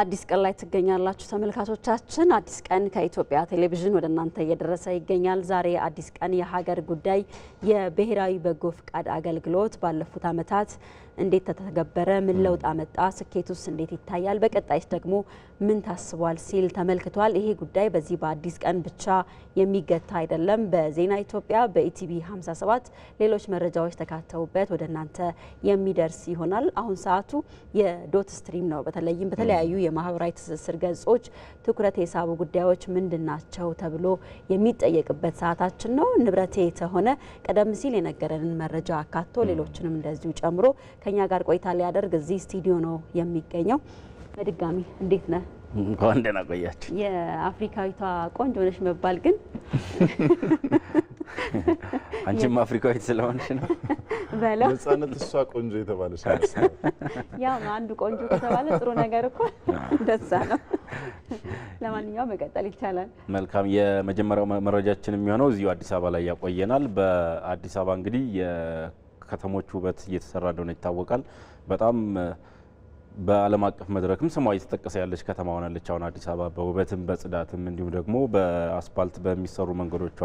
አዲስ ቀን ላይ ትገኛላችሁ ተመልካቾቻችን። አዲስ ቀን ከኢትዮጵያ ቴሌቪዥን ወደ እናንተ እየደረሰ ይገኛል። ዛሬ አዲስ ቀን የሀገር ጉዳይ የብሔራዊ በጎ ፍቃድ አገልግሎት ባለፉት ዓመታት እንዴት ተተገበረ? ምን ለውጥ አመጣ? ስኬቱስ እንዴት ይታያል? በቀጣይስ ደግሞ ምን ታስቧል? ሲል ተመልክቷል። ይሄ ጉዳይ በዚህ በአዲስ ቀን ብቻ የሚገታ አይደለም። በዜና ኢትዮጵያ በኢቲቪ 57 ሌሎች መረጃዎች ተካተውበት ወደ እናንተ የሚደርስ ይሆናል። አሁን ሰዓቱ የዶት ስትሪም ነው። በተለይም በተለያዩ የማህበራዊ ትስስር ገጾች ትኩረት የሳቡ ጉዳዮች ምንድን ናቸው ተብሎ የሚጠየቅበት ሰዓታችን ነው። ንብረቴ የተሆነ ቀደም ሲል የነገረንን መረጃ አካቶ ሌሎችንም እንደዚሁ ጨምሮ ከኛ ጋር ቆይታ ሊያደርግ እዚህ ስቱዲዮ ነው የሚገኘው። በድጋሚ እንዴት ነህ? እንኳን ደህና ቆያችሁ። የአፍሪካዊቷ ቆንጆ ነሽ መባል ግን አንቺም አፍሪካዊት ስለሆንሽ ነው በለው። እሷ ቆንጆ የተባለች ያው ነው አንዱ ቆንጆ ከተባለ ጥሩ ነገር እኮ ደሳ ነው። ለማንኛውም መቀጠል ይቻላል። መልካም። የመጀመሪያው መረጃችን የሚሆነው እዚሁ አዲስ አበባ ላይ ያቆየናል። በአዲስ አበባ እንግዲህ ከተሞች ውበት እየተሰራ እንደሆነ ይታወቃል። በጣም በዓለም አቀፍ መድረክም ስሟ እየተጠቀሰ ያለች ከተማ ሆናለች። አሁን አዲስ አበባ በውበትም በጽዳትም እንዲሁም ደግሞ በአስፓልት በሚሰሩ መንገዶቿ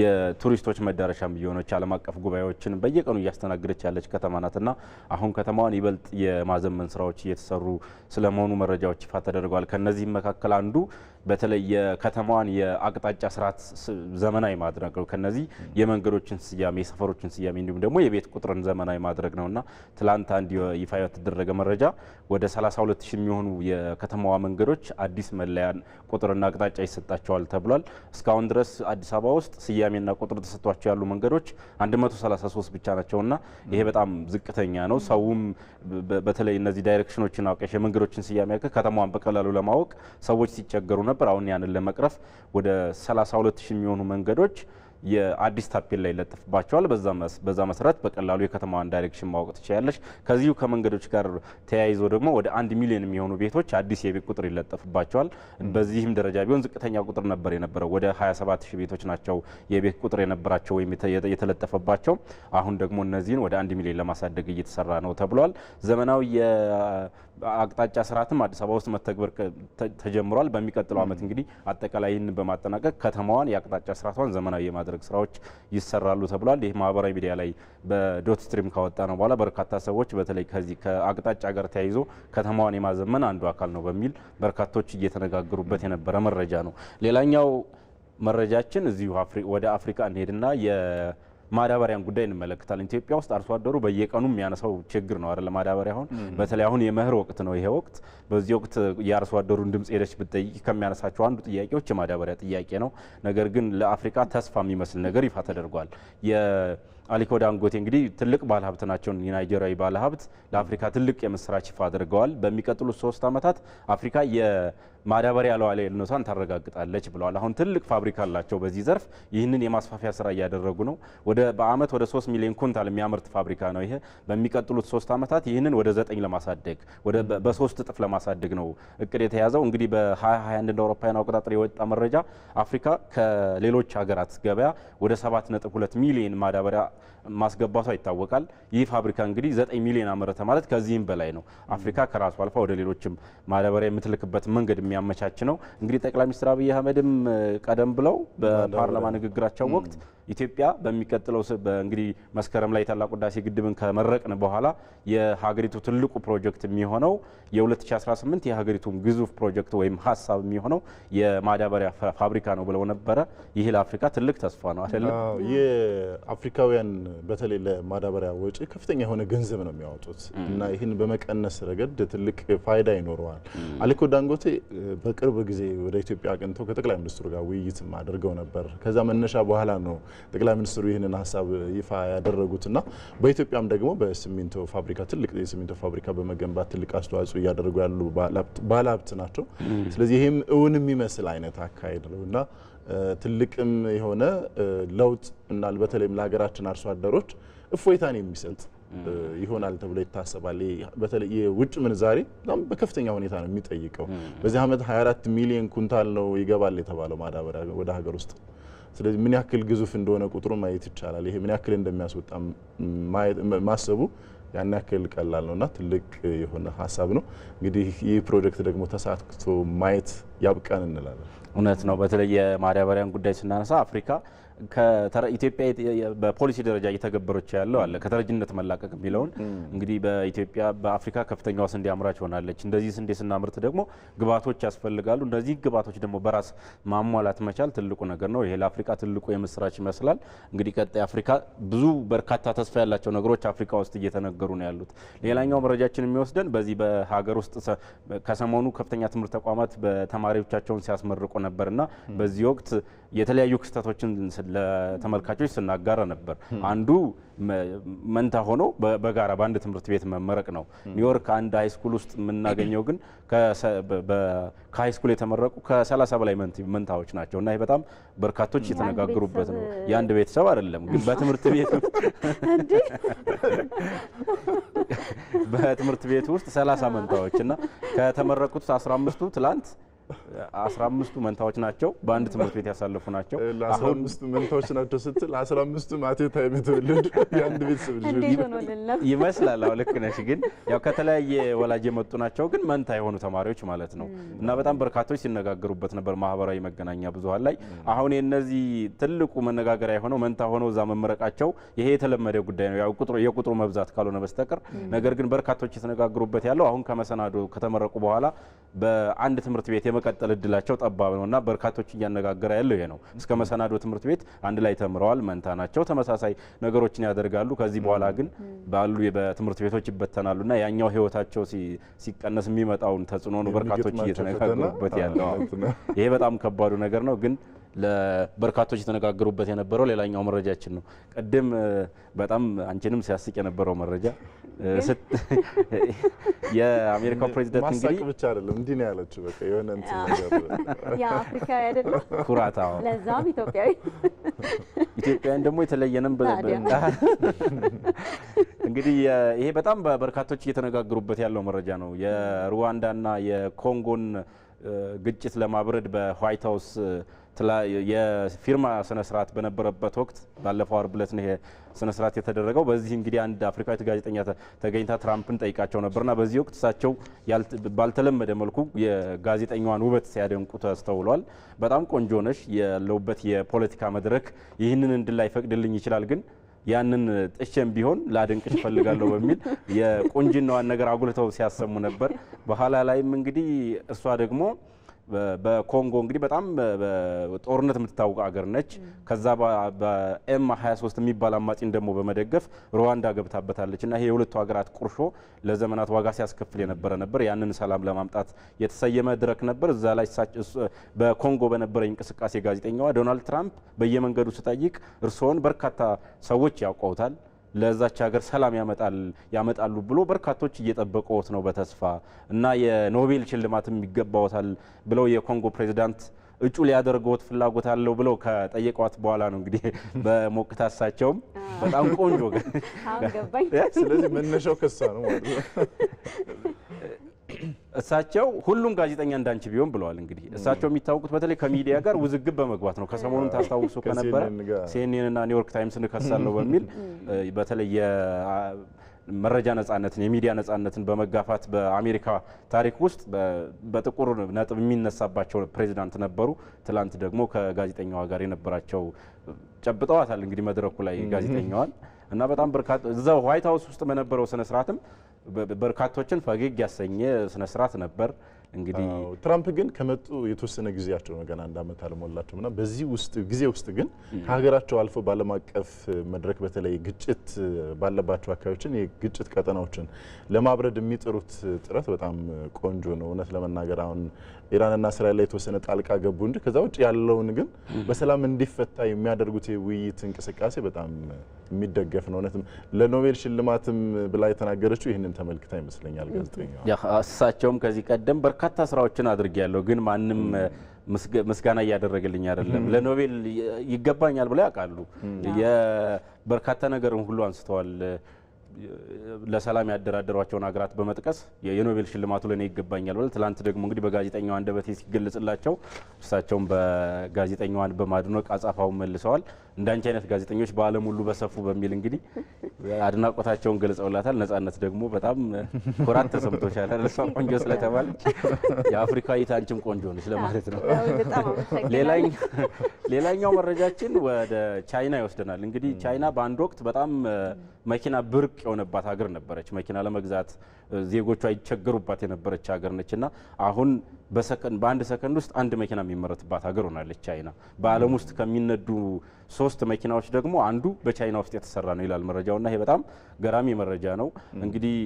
የቱሪስቶች መዳረሻም የሆነች ዓለም አቀፍ ጉባኤዎችን በየቀኑ እያስተናገደች ያለች ከተማ ናትና አሁን ከተማዋን ይበልጥ የማዘመን ስራዎች እየተሰሩ ስለመሆኑ መረጃዎች ይፋ ተደርገዋል። ከነዚህም መካከል አንዱ በተለይ የከተማዋን የአቅጣጫ ስርዓት ዘመናዊ ማድረግ ነው። ከነዚህ የመንገዶችን ስያሜ፣ የሰፈሮችን ስያሜ እንዲሁም ደግሞ የቤት ቁጥርን ዘመናዊ ማድረግ ነውና ትላንት አንድ ይፋ የተደረገ መረጃ ወደ 32 ሺህ የሚሆኑ የከተማዋ መንገዶች አዲስ መለያ ቁጥርና አቅጣጫ ይሰጣቸዋል ተብሏል። እስካሁን ድረስ አዲስ አበባ ውስጥ ስያሜና ቁጥር ተሰጥቷቸው ያሉ መንገዶች 133 ብቻ ናቸውና ይሄ በጣም ዝቅተኛ ነው። ሰውም በተለይ እነዚህ ዳይሬክሽኖችን አውቀሽ የመንገዶችን ስያሜ ከተማዋን በቀላሉ ለማወቅ ሰዎች ሲቸገሩ ነበር። አሁን ያንን ለመቅረፍ ወደ 32000 የሚሆኑ መንገዶች የአዲስ ታፔል ላይ ይለጠፍባቸዋል። በዛ መሰረት በቀላሉ የከተማዋን ዳይሬክሽን ማወቅ ትችላለች። ከዚሁ ከመንገዶች ጋር ተያይዞ ደግሞ ወደ አንድ ሚሊዮን የሚሆኑ ቤቶች አዲስ የቤት ቁጥር ይለጠፍባቸዋል። በዚህም ደረጃ ቢሆን ዝቅተኛ ቁጥር ነበር የነበረው። ወደ 27 ሺህ ቤቶች ናቸው የቤት ቁጥር የነበራቸው ወይም የተለጠፈባቸው። አሁን ደግሞ እነዚህን ወደ አንድ ሚሊዮን ለማሳደግ እየተሰራ ነው ተብሏል። ዘመናዊ አቅጣጫ ስርዓትም አዲስ አበባ ውስጥ መተግበር ተጀምሯል። በሚቀጥለው ዓመት እንግዲህ አጠቃላይ ይህንን በማጠናቀቅ ከተማዋን የአቅጣጫ ስርዓቷን ዘመናዊ የማድረግ ስራዎች ይሰራሉ ተብሏል። ይህ ማህበራዊ ሚዲያ ላይ በዶት ስትሪም ካወጣ ነው በኋላ በርካታ ሰዎች በተለይ ከዚህ ከአቅጣጫ ጋር ተያይዞ ከተማዋን የማዘመን አንዱ አካል ነው በሚል በርካቶች እየተነጋገሩበት የነበረ መረጃ ነው። ሌላኛው መረጃችን እዚሁ ወደ አፍሪካ እንሄድና ማዳበሪያን ጉዳይ እንመለከታለን። ኢትዮጵያ ውስጥ አርሶ አደሩ በየቀኑ የሚያነሳው ችግር ነው አይደለ? ማዳበሪያ አሁን በተለይ አሁን የመኸር ወቅት ነው። ይሄ ወቅት በዚህ ወቅት የአርሶ አደሩን ድምጽ ሄደች ብትጠይቅ ከሚያነሳቸው አንዱ ጥያቄዎች የማዳበሪያ ጥያቄ ነው። ነገር ግን ለአፍሪካ ተስፋ የሚመስል ነገር ይፋ ተደርጓል። አሊኮ ዳንጎቴ እንግዲህ ትልቅ ባለሀብት ናቸው። የናይጄሪያዊ ባለሀብት ለአፍሪካ ትልቅ የምስራች ይፋ አድርገዋል። በሚቀጥሉት ሶስት ዓመታት አፍሪካ የማዳበሪያ ሉዓላዊነቷን ታረጋግጣለች ብለዋል። አሁን ትልቅ ፋብሪካ አላቸው። በዚህ ዘርፍ ይህንን የማስፋፊያ ስራ እያደረጉ ነው። ወደ በአመት ወደ ሶስት ሚሊዮን ኩንታል የሚያመርት ፋብሪካ ነው ይሄ። በሚቀጥሉት ሶስት ዓመታት ይህንን ወደ ዘጠኝ ለማሳደግ ወደ በሶስት እጥፍ ለማሳደግ ነው እቅድ የተያዘው። እንግዲህ በ2021 እንደ አውሮፓውያን አቆጣጠር የወጣ መረጃ አፍሪካ ከሌሎች ሀገራት ገበያ ወደ 7.2 ሚሊዮን ማዳበሪያ ማስገባቷ ይታወቃል። ይህ ፋብሪካ እንግዲህ ዘጠኝ ሚሊዮን አመረተ ማለት ከዚህም በላይ ነው። አፍሪካ ከራሱ አልፋ ወደ ሌሎችም ማዳበሪያ የምትልክበት መንገድ የሚያመቻች ነው። እንግዲህ ጠቅላይ ሚኒስትር አብይ አህመድም ቀደም ብለው በፓርላማ ንግግራቸው ወቅት ኢትዮጵያ በሚቀጥለው እንግዲህ መስከረም ላይ ታላቁ ህዳሴ ግድብን ከመረቅን በኋላ የሀገሪቱ ትልቁ ፕሮጀክት የሚሆነው የ2018 የሀገሪቱን ግዙፍ ፕሮጀክት ወይም ሀሳብ የሚሆነው የማዳበሪያ ፋብሪካ ነው ብለው ነበረ። ይህ ለአፍሪካ ትልቅ ተስፋ ነው አይደለም? አፍሪካውያን በተለይ ለማዳበሪያ ወጪ ከፍተኛ የሆነ ገንዘብ ነው የሚያወጡት እና ይህን በመቀነስ ረገድ ትልቅ ፋይዳ ይኖረዋል። አሊኮ ዳንጎቴ በቅርብ ጊዜ ወደ ኢትዮጵያ አቅንተው ከጠቅላይ ሚኒስትሩ ጋር ውይይትም አድርገው ነበር። ከዛ መነሻ በኋላ ነው ጠቅላይ ሚኒስትሩ ይህንን ሀሳብ ይፋ ያደረጉትና በኢትዮጵያም ደግሞ በሲሚንቶ ፋብሪካ ትልቅ የሲሚንቶ ፋብሪካ በመገንባት ትልቅ አስተዋጽኦ እያደረጉ ያሉ ባለሀብት ናቸው። ስለዚህ ይህም እውን የሚመስል አይነት አካሄድ ነው እና ትልቅም የሆነ ለውጥ እና በተለይም ለሀገራችን አርሶ አደሮች እፎይታን የሚሰጥ ይሆናል ተብሎ ይታሰባል። በተለይ የውጭ ምንዛሬ በጣም በከፍተኛ ሁኔታ ነው የሚጠይቀው። በዚህ ዓመት 24 ሚሊዮን ኩንታል ነው ይገባል የተባለው ማዳበሪያ ወደ ሀገር ውስጥ። ስለዚህ ምን ያክል ግዙፍ እንደሆነ ቁጥሩ ማየት ይቻላል። ይሄ ምን ያክል እንደሚያስወጣ ማሰቡ ያን ያክል ቀላል ነውና ትልቅ የሆነ ሀሳብ ነው። እንግዲህ ይህ ፕሮጀክት ደግሞ ተሳክቶ ማየት ያብቃን እንላለን። እውነት ነው። በተለይ የማዳበሪያን ጉዳይ ስናነሳ አፍሪካ ኢትዮጵያ በፖሊሲ ደረጃ እየተገበረች ያለው አለ ከተረጅነት መላቀቅ የሚለውን እንግዲህ በኢትዮጵያ በአፍሪካ ከፍተኛዋ ስንዴ አምራች ሆናለች። እንደዚህ ስንዴ ስናምርት ደግሞ ግብዓቶች ያስፈልጋሉ። እነዚህ ግብዓቶች ደግሞ በራስ ማሟላት መቻል ትልቁ ነገር ነው። ይሄ ለአፍሪካ ትልቁ የምስራች ይመስላል። እንግዲህ ቀጣይ አፍሪካ ብዙ በርካታ ተስፋ ያላቸው ነገሮች አፍሪካ ውስጥ እየተነገሩ ነው ያሉት። ሌላኛው መረጃችን የሚወስደን በዚህ በሀገር ውስጥ ከሰሞኑ ከፍተኛ ትምህርት ተቋማት በተማሪዎቻቸውን ሲያስመርቁ ነበርና በዚህ ወቅት የተለያዩ ክስተቶችን ለተመልካቾች ስናጋራ ነበር። አንዱ መንታ ሆኖ በጋራ በአንድ ትምህርት ቤት መመረቅ ነው። ኒውዮርክ አንድ ሃይስኩል ውስጥ የምናገኘው ግን ከሃይስኩል የተመረቁ ከ በላይ መንታዎች ናቸው እና ይህ በጣም በርካቶች የተነጋገሩበት ነው። የአንድ ቤተሰብ አይደለም ግን በትምህርት ቤት በትምህርት ቤት ውስጥ 30 መንታዎች እና ከተመረቁት 15ቱ ትላንት አስራ አምስቱ መንታዎች ናቸው በአንድ ትምህርት ቤት ያሳለፉ ናቸው። ለአስራ አምስቱ መንታዎች ናቸው ስትል አስራ አምስቱ የተወለዱ የአንድ ቤተሰብ ይመስላል። አዎ ልክ ነሽ። ግን ያው ከተለያየ ወላጅ የመጡ ናቸው፣ ግን መንታ የሆኑ ተማሪዎች ማለት ነው። እና በጣም በርካቶች ሲነጋገሩበት ነበር ማህበራዊ መገናኛ ብዙሀን ላይ። አሁን የነዚህ ትልቁ መነጋገሪያ የሆነው መንታ ሆነው እዛ መመረቃቸው ይሄ የተለመደ ጉዳይ ነው፣ ያው የቁጥሩ መብዛት ካልሆነ በስተቀር ነገር ግን በርካቶች የተነጋገሩበት ያለው አሁን ከመሰናዶ ከተመረቁ በኋላ በአንድ ትምህርት ቤት የመቀጠል እድላቸው ጠባብ እና በርካቶች እያነጋገረ ያለው ይሄ ነው። እስከ መሰናዶ ትምህርት ቤት አንድ ላይ ተምረዋል። መንታ ናቸው። ተመሳሳይ ነገሮችን ያደርጋሉ። ከዚህ በኋላ ግን ባሉ በትምህርት ቤቶች ይበተናሉና ያኛው ህይወታቸው ሲቀነስ የሚመጣውን ተጽዕኖ ነው በርካቶች እየተነጋገሩበት ያለው። ይሄ በጣም ከባዱ ነገር ነው ግን ለበርካቶች የተነጋገሩበት የነበረው ሌላኛው መረጃችን ነው። ቅድም በጣም አንቺንም ሲያስቅ የነበረው መረጃ የአሜሪካ ፕሬዚደንት እንግዲህ ብቻ አይደለም እንዲህ ነው ያለችው። በቃ የሆነ እንትን ነገር የአፍሪካዊ አይደለም ኩራት፣ አዎ ለዛም ኢትዮጵያዊ ኢትዮጵያን ደግሞ የተለየንም እንግዲህ ይሄ በጣም በርካቶች እየተነጋገሩበት ያለው መረጃ ነው። የሩዋንዳና የኮንጎን ግጭት ለማብረድ በዋይት ሀውስ የፊርማ ስነስርዓት በነበረበት ወቅት ባለፈው አርብ ዕለት ነው ይሄ ስነስርዓት የተደረገው። በዚህ እንግዲህ አንድ አፍሪካዊት ጋዜጠኛ ተገኝታ ትራምፕን ጠይቃቸው ነበርና በዚህ ወቅት እሳቸው ባልተለመደ መልኩ የጋዜጠኛዋን ውበት ሲያደንቁ ተስተውሏል። በጣም ቆንጆ ነሽ፣ ያለውበት የፖለቲካ መድረክ ይህንን እንድል ላይፈቅድልኝ ይችላል ግን ያንን ጥቼም ቢሆን ላድንቅሽ እፈልጋለሁ በሚል የቁንጅናዋን ነገር አጉልተው ሲያሰሙ ነበር። በኋላ ላይም እንግዲህ እሷ ደግሞ በኮንጎ እንግዲህ በጣም ጦርነት የምትታወቅ አገር ነች። ከዛ በኤም 23 የሚባል አማጺን ደግሞ በመደገፍ ሩዋንዳ ገብታበታለች እና ይሄ የሁለቱ ሀገራት ቁርሾ ለዘመናት ዋጋ ሲያስከፍል የነበረ ነበር። ያንን ሰላም ለማምጣት የተሰየመ ድረክ ነበር። እዛ ላይ በኮንጎ በነበረ እንቅስቃሴ ጋዜጠኛዋ ዶናልድ ትራምፕ በየመንገዱ ስጠይቅ እርስዎን በርካታ ሰዎች ያውቀውታል ለዛች ሀገር ሰላም ያመጣል ያመጣሉ ብሎ በርካቶች እየጠበቁት ነው በተስፋ እና የኖቤል ሽልማትም ይገባዎታል ብለው የኮንጎ ፕሬዚዳንት እጩ ሊያደርገዎት ፍላጎት አለው ብለው ከጠየቋት በኋላ ነው እንግዲህ በሞቅታ እሳቸውም በጣም ቆንጆ ስለዚህ መነሻው ከሳ ነው ማለት ነው እሳቸው ሁሉም ጋዜጠኛ እንዳንቺ ቢሆን ብለዋል። እንግዲህ እሳቸው የሚታወቁት በተለይ ከሚዲያ ጋር ውዝግብ በመግባት ነው። ከሰሞኑን ታስታውሱ ከነበረ ሲኤንኤን እና ኒውዮርክ ታይምስ እንከሳለሁ በሚል በተለይ መረጃ ነጻነትን የሚዲያ ነጻነትን በመጋፋት በአሜሪካ ታሪክ ውስጥ በጥቁር ነጥብ የሚነሳባቸው ፕሬዚዳንት ነበሩ። ትላንት ደግሞ ከጋዜጠኛዋ ጋር የነበራቸው ጨብጠዋታል። እንግዲህ መድረኩ ላይ ጋዜጠኛዋን እና በጣም በርካታ እዛው ዋይት ሀውስ ውስጥ በነበረው ስነስርዓትም በርካቶችን ፈገግ ያሰኘ ስነስርዓት ነበር። እንግዲህ ትራምፕ ግን ከመጡ የተወሰነ ጊዜያቸው ነው፣ ገና አንድ ዓመት አልሞላቸውም እና በዚህ ውስጥ ጊዜ ውስጥ ግን ከሀገራቸው አልፎ በዓለም አቀፍ መድረክ በተለይ ግጭት ባለባቸው አካባቢዎችን የግጭት ቀጠናዎችን ለማብረድ የሚጥሩት ጥረት በጣም ቆንጆ ነው። እውነት ለመናገር አሁን ኢራንና እስራኤል ላይ የተወሰነ ጣልቃ ገቡ እንጂ ከዛ ውጭ ያለውን ግን በሰላም እንዲፈታ የሚያደርጉት የውይይት እንቅስቃሴ በጣም የሚደገፍ ነው። እውነትም ለኖቤል ሽልማትም ብላ የተናገረችው ይህንን ተመልክታ ይመስለኛል ጋዜጠኛ። እሳቸውም ከዚህ ቀደም በርካታ ስራዎችን አድርጌያለሁ፣ ግን ማንም ምስጋና እያደረገልኝ አይደለም፣ ለኖቤል ይገባኛል ብለው ያውቃሉ። በርካታ ነገርን ሁሉ አንስተዋል። ለሰላም ያደራደሯቸውን ሀገራት በመጥቀስ የኖቤል ሽልማቱ ለእኔ ይገባኛል ብለ ትላንት ደግሞ እንግዲህ በጋዜጠኛው አንደበት ሲገለጽላቸው እርሳቸውም በጋዜጠኛዋን በማድነቅ አጻፋውን መልሰዋል። እንዳንቺ አይነት ጋዜጠኞች በዓለም ሁሉ በሰፉ በሚል እንግዲህ አድናቆታቸውን ገልጸውላታል። ነጻነት ደግሞ በጣም ኩራት ተሰምቶሻል። እሷ ቆንጆ ስለተባለች የአፍሪካዊት አንቺም ቆንጆ ነች ለማለት ነው። ሌላኛው መረጃችን ወደ ቻይና ይወስደናል። እንግዲህ ቻይና በአንድ ወቅት በጣም መኪና ብርቅ የሆነባት ሀገር ነበረች። መኪና ለመግዛት ዜጎቿ ይቸገሩባት የነበረች ሀገር ነች እና አሁን በአንድ ሰከንድ ውስጥ አንድ መኪና የሚመረትባት ሀገር ሆናለች ቻይና። በዓለም ውስጥ ከሚነዱ ሶስት መኪናዎች ደግሞ አንዱ በቻይና ውስጥ የተሰራ ነው ይላል መረጃውና ይሄ በጣም ገራሚ መረጃ ነው። እንግዲህ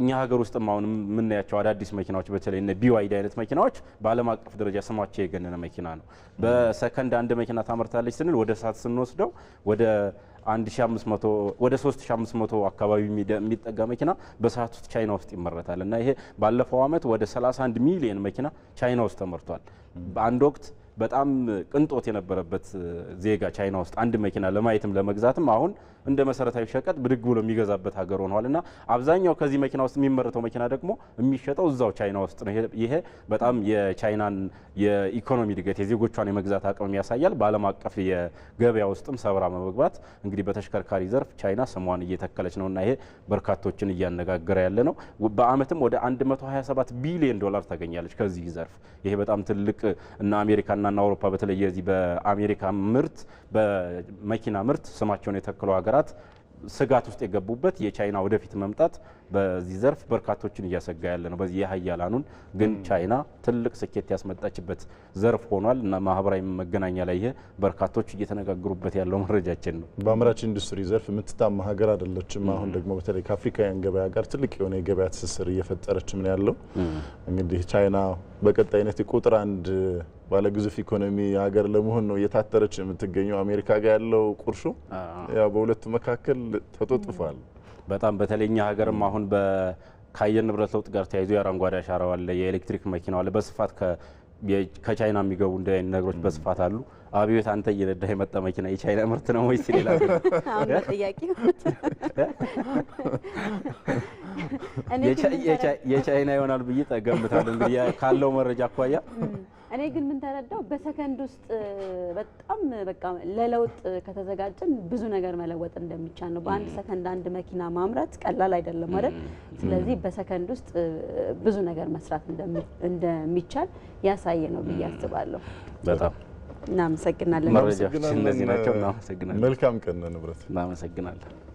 እኛ ሀገር ውስጥ አሁን የምናያቸው አዳዲስ መኪናዎች በተለይ እነ ቢዋይዲ አይነት መኪናዎች በዓለም አቀፍ ደረጃ ስማቸው የገነነ መኪና ነው። በሰከንድ አንድ መኪና ታመርታለች ስንል ወደ ሰዓት ስንወስደው ወደ ወደ 3500 አካባቢ የሚጠጋ መኪና በሰዓት ውስጥ ቻይና ውስጥ ይመረታል እና ይሄ ባለፈው ዓመት ወደ 31 ሚሊዮን መኪና ቻይና ውስጥ ተመርቷል። በአንድ ወቅት በጣም ቅንጦት የነበረበት ዜጋ ቻይና ውስጥ አንድ መኪና ለማየትም ለመግዛትም አሁን እንደ መሰረታዊ ሸቀጥ ብድግ ብሎ የሚገዛበት ሀገር ሆኗል እና አብዛኛው ከዚህ መኪና ውስጥ የሚመረተው መኪና ደግሞ የሚሸጠው እዛው ቻይና ውስጥ ነው። ይሄ በጣም የቻይናን የኢኮኖሚ እድገት የዜጎቿን የመግዛት አቅም ያሳያል። በዓለም አቀፍ የገበያ ውስጥም ሰብራ መግባት እንግዲህ በተሽከርካሪ ዘርፍ ቻይና ስሟን እየተከለች ነው እና ይሄ በርካቶችን እያነጋገረ ያለ ነው። በአመትም ወደ 127 ቢሊዮን ዶላር ታገኛለች ከዚህ ዘርፍ ይሄ በጣም ትልቅ እና አሜሪካና ቻይናና አውሮፓ በተለይ የዚህ በአሜሪካ ምርት በመኪና ምርት ስማቸውን የተክለው ሀገራት ስጋት ውስጥ የገቡበት የቻይና ወደፊት መምጣት በዚህ ዘርፍ በርካቶችን እያሰጋ ያለ ነው። በዚህ የሀያላኑን ግን ቻይና ትልቅ ስኬት ያስመጣችበት ዘርፍ ሆኗል እና ማህበራዊ መገናኛ ላይ ይሄ በርካቶች እየተነጋገሩበት ያለው መረጃችን ነው። በአምራች ኢንዱስትሪ ዘርፍ የምትታማ ሀገር አይደለችም። አሁን ደግሞ በተለይ ከአፍሪካውያን ገበያ ጋር ትልቅ የሆነ የገበያ ትስስር እየፈጠረች ምን ያለው እንግዲህ ቻይና በቀጣይነት የቁጥር አንድ ባለግዙፍ ኢኮኖሚ ሀገር ለመሆን ነው እየታተረች የምትገኘው። አሜሪካ ጋር ያለው ቁርሾ ያው በሁለቱ መካከል ተጦጥፏል። በጣም በተለይኛ ሀገርም አሁን ከአየር ንብረት ለውጥ ጋር ተያይዞ የአረንጓዴ አሻራው አለ፣ የኤሌክትሪክ መኪናው አለ በስፋት ከቻይና የሚገቡ እንደ ነገሮች በስፋት አሉ። አብዮት አንተ እየነዳ የመጣ መኪና የቻይና ምርት ነው ወይስ ሌላ? የቻይና ይሆናል ብዬ ጠገምታለሁ እንግዲህ ካለው መረጃ አኳያ እኔ ግን ምን ተረዳው በሰከንድ ውስጥ በጣም በቃ ለለውጥ ከተዘጋጀን ብዙ ነገር መለወጥ እንደሚቻል ነው። በአንድ ሰከንድ አንድ መኪና ማምረት ቀላል አይደለም አይደል? ስለዚህ በሰከንድ ውስጥ ብዙ ነገር መስራት እንደሚቻል ያሳየ ነው ብዬ አስባለሁ። በጣም እናመሰግናለን። መልካም ቀን ንብረት እናመሰግናለን።